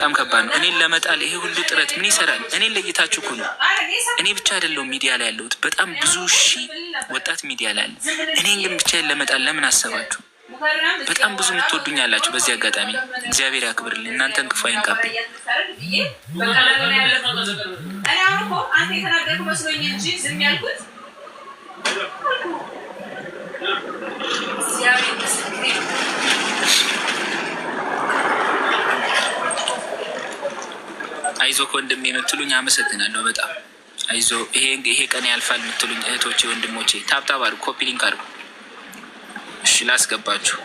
በጣም ከባድ ነው። እኔን ለመጣል ይሄ ሁሉ ጥረት ምን ይሰራል? እኔን ለይታችሁ እኮ ነው። እኔ ብቻ አይደለሁም ሚዲያ ላይ ያለሁት፣ በጣም ብዙ ሺህ ወጣት ሚዲያ ላይ አለ። እኔን ግን ብቻ ለመጣል ለምን አሰባችሁ? በጣም ብዙ የምትወዱኝ አላችሁ። በዚህ አጋጣሚ እግዚአብሔር ያክብርልኝ፣ እናንተን ክፉ አይንካብኝ። አንተ የተናገርኩ መስሎኝ እንጂ ዝም ያልኩት አይዞህ ወንድሜ የምትሉኝ አመሰግናለሁ በጣም አይዞ ይሄ ቀን ያልፋል የምትሉኝ እህቶቼ ወንድሞቼ፣ ታብታብ አድርጉ፣ ኮፒ ሊንክ አድርጉ። እሺ ላስገባችሁ።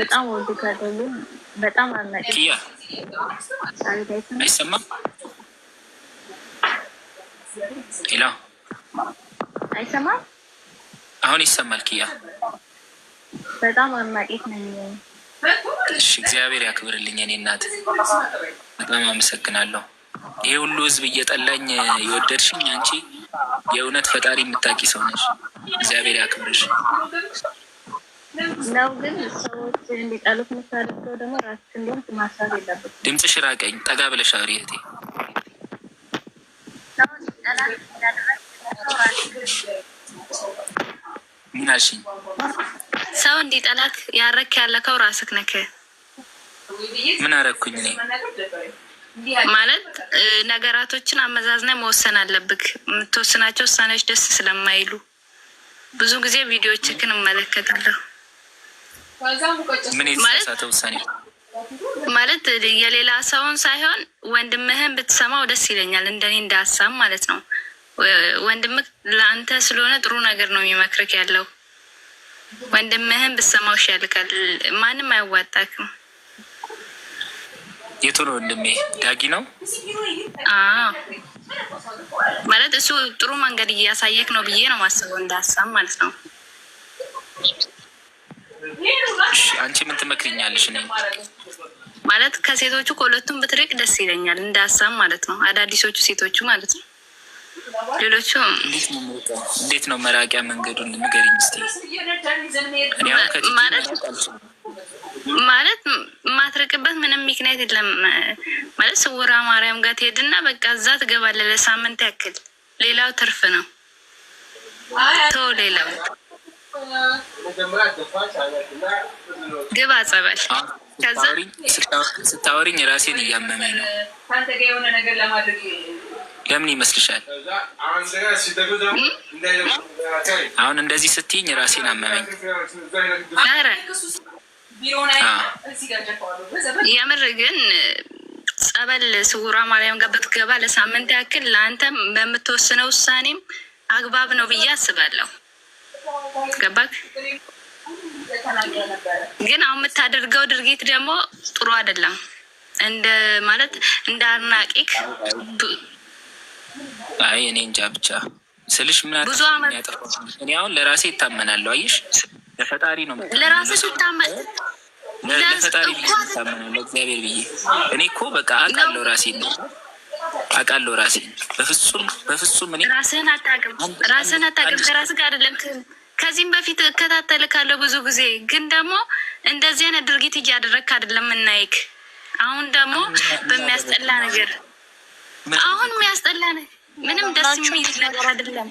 በጣም ወዱ በጣም አናቂያ አይሰማም። ሄሎ አይሰማም። አሁን ይሰማል። ኪያ በጣም አድናቂት ነኝ። እሺ እግዚአብሔር ያክብርልኝ። እኔ እናት በጣም አመሰግናለሁ። ይሄ ሁሉ ህዝብ እየጠላኝ የወደድሽኝ አንቺ የእውነት ፈጣሪ የምታውቂ ሰው ነሽ። እግዚአብሔር ያክብርሽ። ነው ግን ሰዎች እንዲጣሉት ምታደርገው ደግሞ ራስሽን ድምፅ ማሳብ የለበት። ድምፅሽ ራቀኝ ጠጋ ብለሽ አውሪ እህቴ። ምናሽ ሰው እንዲጠላት ያረክ ያለከው ራስክ ነክ። ምን አረኩኝ እኔ? ማለት ነገራቶችን አመዛዝና መወሰን አለብክ። የምትወስናቸው ውሳኔዎች ደስ ስለማይሉ ብዙ ጊዜ ቪዲዮዎችክን እመለከታለሁ። ማለት የሌላ ሰውን ሳይሆን ወንድምህን ብትሰማው ደስ ይለኛል። እንደኔ እንደ ማለት ነው። ወንድምህ ለአንተ ስለሆነ ጥሩ ነገር ነው የሚመክርክ ያለው። ወንድምህን ብትሰማው ይሻልካል። ማንም አያዋጣክም። የቱ ነው ወንድሜ? ዳጊ ነው ማለት እሱ ጥሩ መንገድ እያሳየክ ነው ብዬ ነው ማስበው፣ እንዳሳም ማለት ነው። አንቺ ምን ትመክርኛለሽ? እኔ ማለት ከሴቶቹ ከሁለቱም ብትርቅ ደስ ይለኛል፣ እንደ ሀሳብ ማለት ነው። አዳዲሶቹ ሴቶቹ ማለት ነው። ሌሎቹ እንዴት ነው መራቂያ መንገዱን ንገሪኝ እስኪ። ማለት የማትርቅበት ምንም ምክንያት የለም። ማለት ስውራ ማርያም ጋር ትሄድና በቃ እዛ ትገባለህ ለሳምንት ያክል። ሌላው ትርፍ ነው። ተው ሌላው ግባ ጸበል። ስታወሪኝ ራሴን እያመመኝ ነው። ለምን ይመስልሻል? አሁን እንደዚህ ስትይኝ ራሴን አመመኝ። የምር ግን ጸበል ስውሯ ማርያም ጋር ብትገባ ለሳምንት ያክል ለአንተም በምትወስነው ውሳኔም አግባብ ነው ብዬ አስባለሁ። ገባክ? ግን አሁን የምታደርገው ድርጊት ደግሞ ጥሩ አይደለም። እንደ ማለት እንደ አድናቂክ አይ እኔ እንጃ ብቻ ስልሽ ምን ብዙ አመት እኔ አሁን ለራሴ ይታመናለሁ። አየሽ ለፈጣሪ ነው ለራስሽ ይታመን ለፈጣሪ ይታመናለሁ እግዚአብሔር ብዬ እኔ እኮ በቃ አውቃለሁ ራሴ ነው አውቃለሁ ራሴ በፍጹም በፍጹም እኔ ራስህን አታውቅም ራስህን አታውቅም ከራስህ ጋር አይደለም ከዚህም በፊት እከታተል ካለው ብዙ ጊዜ ግን ደግሞ እንደዚህ አይነት ድርጊት እያደረግክ አይደለም እናይክ። አሁን ደግሞ በሚያስጠላ ነገር አሁን የሚያስጠላ ምንም ደስ የሚል ነገር አይደለም።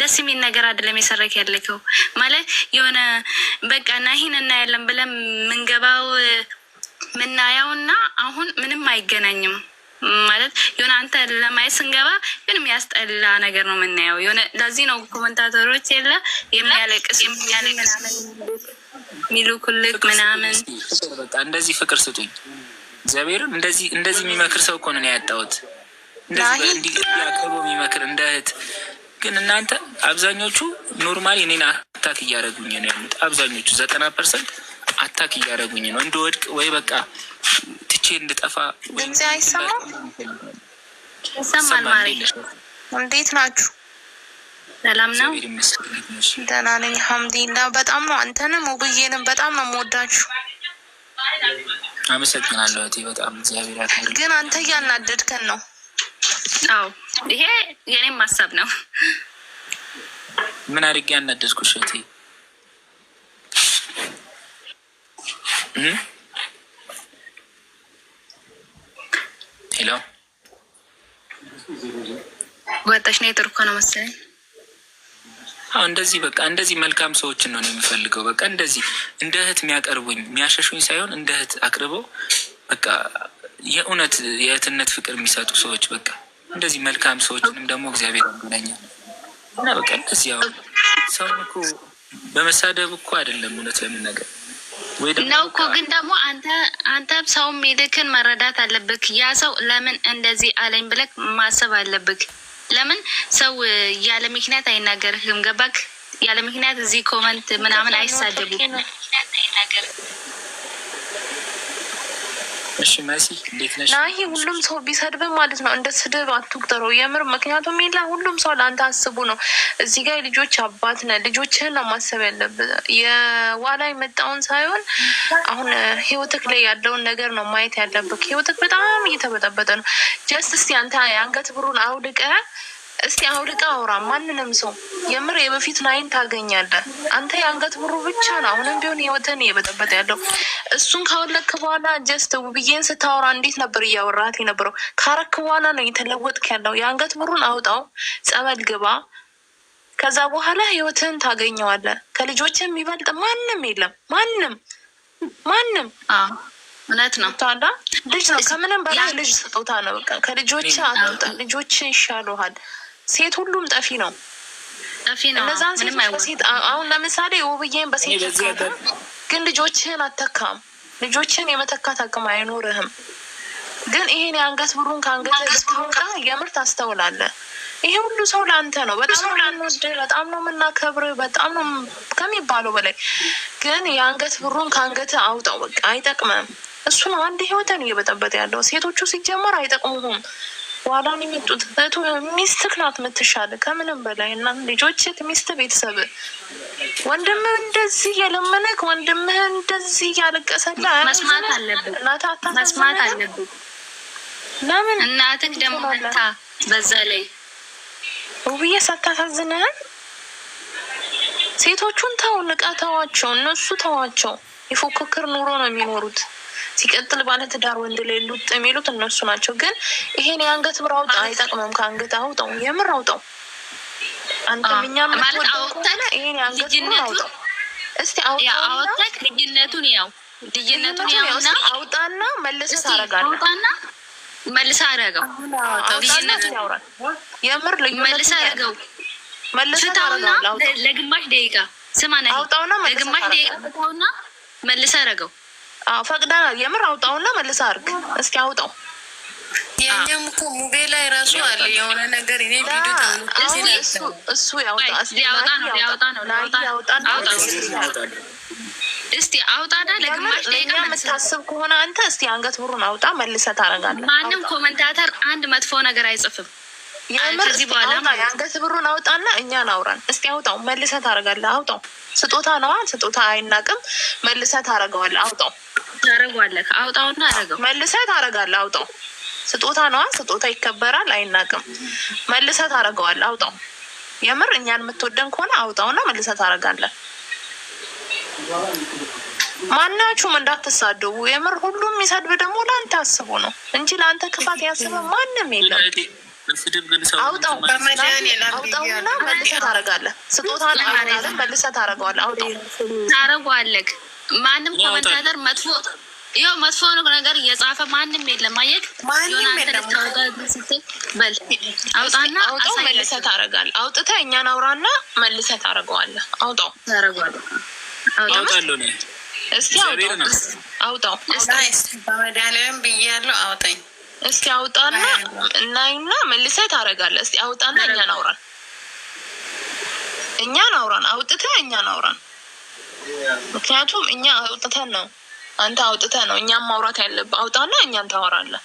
ደስ የሚል ነገር አይደለም የሰረክ ያለከው ማለት የሆነ በቃ እና ይህን እናያለን ብለን ምንገባው ምናየውና አሁን ምንም አይገናኝም። ማለት የሆነ አንተ ለማየት ስንገባ ግን የሚያስጠላ ነገር ነው የምናየው። የሆነ ለዚህ ነው ኮመንታተሮች የለ የሚያለቅስ የሚያለቅ ሚሉክልክ ምናምን በቃ እንደዚህ ፍቅር ስጡኝ እግዚአብሔርን። እንደዚህ እንደዚህ የሚመክር ሰው እኮ ነው ያጣሁት፣ እንደዚህ የሚመክር እንደ እህት። ግን እናንተ አብዛኞቹ ኖርማል እኔን አታክ እያደረጉኝ ነው ያሉት አብዛኞቹ ዘጠና ፐርሰንት አታክ እያደረጉኝ ነው። እንደወድቅ ወይ በቃ ትቼ እንድጠፋ ድምፅ አይሰማም። ይሰማል። ማሪ እንዴት ናችሁ? ሰላም ነው። ደህና ነኝ አልሐምዱሊላህ። በጣም ነው አንተንም ውብዬንም በጣም ነው የምወዳችሁ። አመሰግናለሁ እህቴ። በጣም እግዚአብሔር ግን አንተ እያናደድከን ነው። አዎ ይሄ የኔም ሀሳብ ነው። ምን አድርጌ ያናደድኩሽ እህቴ? ሄሎ ወጣሽ ነው ነው መሰለኝ። እንደዚህ በቃ እንደዚህ መልካም ሰዎችን ነው የሚፈልገው። በቃ እንደዚህ እንደ እህት የሚያቀርቡኝ የሚያሸሹኝ ሳይሆን እንደ እህት አቅርበው በቃ የእውነት የእህትነት ፍቅር የሚሰጡ ሰዎች በቃ እንደዚህ መልካም ሰዎችንም ደግሞ እግዚአብሔር ያገናኛል እና በቃ እንደዚህ ያው ሰው እኮ በመሳደብ እኮ አይደለም እውነት ለምን ነገር ነው እኮ ግን ደግሞ አንተ አንተ ሰው ሚልክን መረዳት አለብክ። ያ ሰው ለምን እንደዚህ አለኝ ብለክ ማሰብ አለብክ። ለምን ሰው ያለ ምክንያት አይናገርህም? ገባክ? ያለ ምክንያት እዚህ ኮመንት ምናምን አይሳደቡም። እሺ መሲ እንዴት ነሽ? ናሂ ሁሉም ሰው ቢሰድብ ማለት ነው እንደ ስድብ አትቁጠረው የምር ምክንያቱም ሚላ ሁሉም ሰው ለአንተ አስቡ ነው። እዚህ ጋር ልጆች አባት ነህ፣ ልጆችህን ነው ማሰብ ያለብህ የዋላ የመጣውን ሳይሆን አሁን ህይወትክ ላይ ያለውን ነገር ነው ማየት ያለብህ። ህይወትክ በጣም እየተበጠበጠ ነው። ጀስት እስኪ አንተ የአንገት ብሩን አውልቀህ እስቲ አውልቃ አውራ ማንንም ሰው የምር የበፊት ናይን ታገኛለህ። አንተ የአንገት ብሩ ብቻ ነው አሁንም ቢሆን ህይወትን እየበጠበጠ ያለው። እሱን ካወለክ በኋላ ጀስት ውብዬን ስታወራ እንዴት ነበር እያወራት የነበረው? ካረክ በኋላ ነው የተለወጥክ ያለው። የአንገት ብሩን አውጣው፣ ጸበል ግባ። ከዛ በኋላ ህይወትን ታገኘዋለህ። ከልጆች የሚበልጥ ማንም የለም። ማንም ማንም እውነት ነው። ታላ ልጅ ነው ከምንም በላይ ልጅ ስጦታ ነው። በቃ ከልጆች አትውጣ። ልጆች ይሻሉሃል። ሴት ሁሉም ጠፊ ነው። እነዛን ሴት አሁን ለምሳሌ ውብዬን በሴት ግን ልጆችህን አተካም ልጆችን የመተካት አቅም አይኖርህም። ግን ይሄን የአንገት ብሩን ከአንገት ስታወጣ አስተውላለ ታስተውላለህ። ይሄ ሁሉ ሰው ለአንተ ነው። በጣም ነው በጣም ነው የምናከብርህ፣ በጣም ነው ከሚባለው በላይ ግን የአንገት ብሩን ከአንገት አውጣው። በቃ አይጠቅምም። እሱ ነው አንድ ህይወትን እየበጠበጠ ያለው። ሴቶቹ ሲጀመር አይጠቅሙሁም። ዋላን የመጡት እህቱ ሚስትህ ናት የምትሻል ከምንም በላይ እና ልጆች ሚስት ቤተሰብ ወንድምህ እንደዚህ የለመነክ ወንድምህ እንደዚህ እያለቀሰለ መስማት አለብህ፣ መስማት አለብህ። ለምን እናትህ ደግሞ መታ በዛ ላይ ውብዬ ሳታሳዝንህን ሴቶቹን ተው፣ ንቃ፣ እነሱ ተዋቸው። የፉክክር ኑሮ ነው የሚኖሩት። ሲቀጥል ባለትዳር ወንድ ላይ ሉጥ የሚሉት እነሱ ናቸው። ግን ይሄን የአንገት ብር አውጣ አይጠቅመም ከአንገት አውጣው፣ የምር አውጣው። አንተ ይሄን የአንገት ብር አውጣው እስቲ ልጅነቱን ያው ልጅነቱን ያውና አውጣና መልስ መልስ አረገው የምር መልስ አረገው ለግማሽ ደቂቃ ስማና ለግማሽ ደቂቃ መልስ አረገው። ፈቅዳ የምር አውጣውና መልስ አርግ እስኪ አውጣው። የእኛም እኮ ሙቤ ላይ ራሱ አለ የሆነ ነገር እኔ ቪዲዮ እሱ እስቲ አውጣና ለግማሽ ደቂቃ የምታስብ ከሆነ አንተ እስቲ አንገት ብሩን አውጣ መልሰ ታረጋለህ። ማንም ኮመንታተር አንድ መጥፎ ነገር አይጽፍም። ከዚህ በኋላ የአንገት ብሩን አውጣና እኛን አውራን እስኪ አውጣው። መልሰ አደርጋለሁ። አውጣው። ስጦታ ነዋ። ስጦታ አይናቅም። መልሰ አደርገዋለሁ። አውጣው። ታደርገዋለህ። አውጣውና አደርገው። መልሰ አደርጋለሁ። አውጣው። ስጦታ ነዋ። ስጦታ ይከበራል፣ አይናቅም። መልሰ አደርገዋለሁ። አውጣው። የምር እኛን የምትወደን ከሆነ አውጣውና መልሰ አደርጋለን። ማናችሁም እንዳትሳደቡ። የምር ሁሉም የሚሰድብ ደግሞ ለአንተ አስቡ ነው እንጂ ለአንተ ክፋት ያስበ ማንም የለም። አውጣው አውጣውና መልሰህ ታደርጋለህ። ስጦታ መልሰህ ታደርገዋለህ። አውጣው ታደርገዋለህ። ማንም ኮመንታተር መጥፎ ይኸው መጥፎ ነገር እየጻፈ ማንም የለም። አየህ በል አውጣና አውጣው መልሰህ ታደርጋለህ። አውጥተህ እኛን አውራና መልሰህ ታደርገዋለህ። አውጣው ታደርገዋለህ። እስኪ አውጣው አውጣው። በመድኃኒዓለም ብያለሁ አውጣኝ እስቲ አውጣና እናይና መልሰህ ታደርጋለህ። እስቲ አውጣና እኛ ናውራን እኛ ናውራን አውጥተህ እኛ ናውራን። ምክንያቱም እኛ አውጥተን ነው አንተ አውጥተህ ነው እኛም ማውራት ያለብህ። አውጣና እኛን ታወራለህ።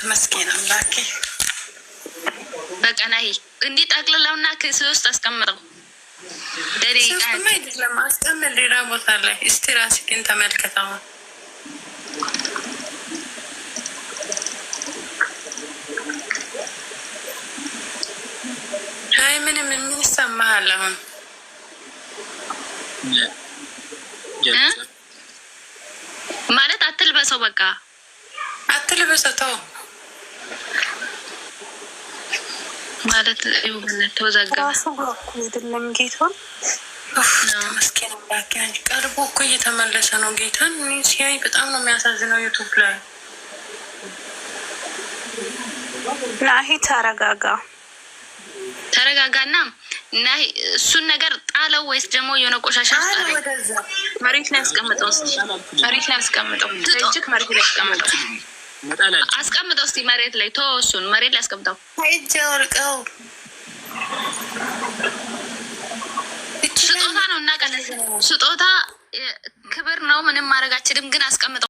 ተመስገን አምላኬ በቃ ናይ እንዲህ ጠቅልለውና ክስ ውስጥ አስቀምጠው ለማስቀመጥ ሌላ ቦታ ላይ እስቲ ራስህን ተመልከተው። አይ ምንም ምን ይሰማሃል አሁን? ማለት አትልበሰው፣ በቃ አትልበሰው፣ ተው ማለት ውብነት ተወዛገበ። ራሱ እኮ አይደለም ጌታን መስኪን ባኪ ቀልቦ እኮ እየተመለሰ ነው። ጌታን ሲያይ በጣም ነው የሚያሳዝነው። ዩቱብ ላይ ናሂ ተረጋጋ፣ ተረጋጋና ናሂ እሱን ነገር ጣለው ወይስ ደግሞ የሆነ ቆሻሻ መሬት ላይ ያስቀምጠው፣ መሬት ላይ ያስቀምጠው፣ እጅግ መሬት ላይ ያስቀምጠው። አስቀምጠው እስኪ መሬት ላይ ቶ እሱን መሬት ላይ አስቀምጠው። ወርቀው ስጦታ ነው እና ስጦታ ክብር ነው። ምንም ማድረግ አችልም፣ ግን አስቀምጠው።